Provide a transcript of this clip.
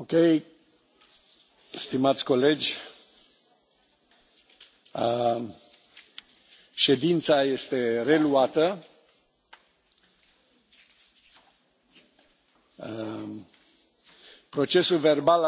Ok, stimați colegi, ședința este reluată. Procesul verbal al